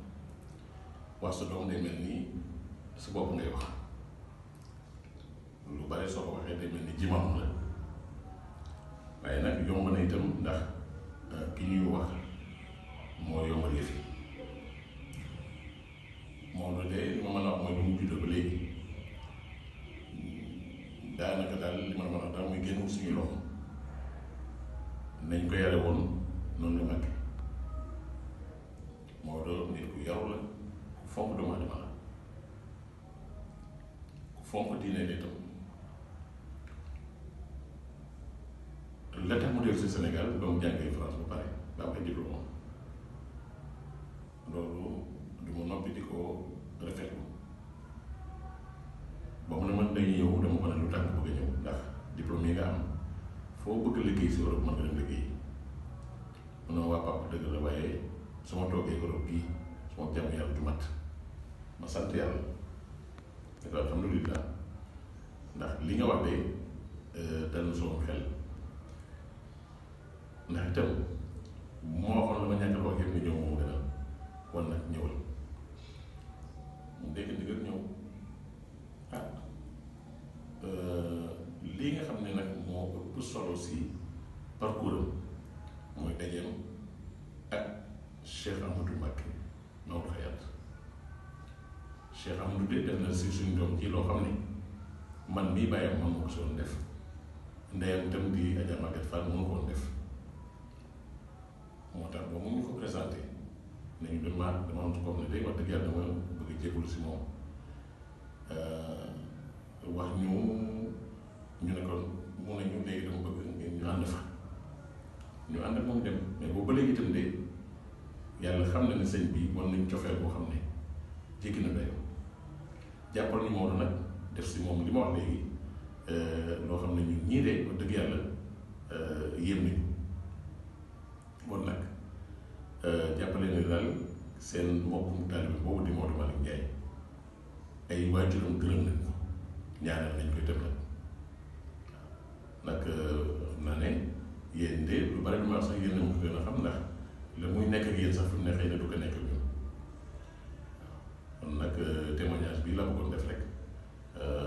wax sa doom day mel ni sa bopp ngay wax lu bare soo ko waxee day mel ni jimaam waaye nag yomb na itam ndax euh, ki ñuy wax moo yombal yëf yi diine l'État. L'État mu del si Sénégal ba jàngee France ba pare am ay diplôme loolu du ma di ko rafetlu ba mu ne man day yow dama ko ne lu tax bëgg ñëw ndax diplôme yi nga am foo bëgg liggéey si Europe mën nga dem liggéey mu ne waa papa dëgg la waaye sama toogee Europe gii sama jàmm yàlla alhamdulillah ndax li nga wax de dalal sama xel ndax itam moo xam la ma ñàkk wax yëpp nga ñëw moo gënal kon nag ñëwal mu dégg ndigal ñëw ah li nga xam ne nag moo ëpp solo si parcours am mooy dajeem ak Cheikh Amadou Mbacké Maodo Xayat Cheikh Amadou de def na si suñu doom ci loo xam ne man mi bayam man ma ko soon def ndeyam itam di Adja market Fall mënu ko def moo tax mon mu ñu ko présenté nañu dama dama ko comme ne day wax dëgg yàlla dama bëgg a ci mom euh wax ñu ñu ne ko mo ne ñu dama bëgg ngeen ñu and fa ñu and ak dem mais bo ba legi tam de yalla xam na ne señ bi won nañ ciofel bo xam ne jéggi na dayoo jàppal ñu Maodo def si moom li ma wax euh, xam ne ñun ñii de wax dëgg yàlla euh, yéem nañu kon nag euh, jàppale ne daal seen mbokkum taalibe boobu di Maodo Malick Ndiaye ay waajuram gërëm nañ ko ñaanal nañ koy def nag xam naa lu bari lu ma sax yéen a ma xam ndax la muy nekk ak yéen sax fi mu ne xëy na du nekk ak ñun waaw kon nag témoignage bi la bëggoon def rek.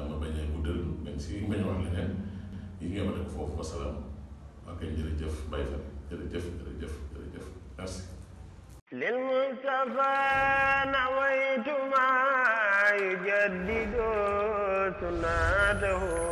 ma bañ a guddal même si bañ wax leneen yi nga ma def foofu wasalaam ok jërëjëf bay fan jërëjëf jërëjëf jërëjëf merci للمصطفى نويت ما يجدد سنته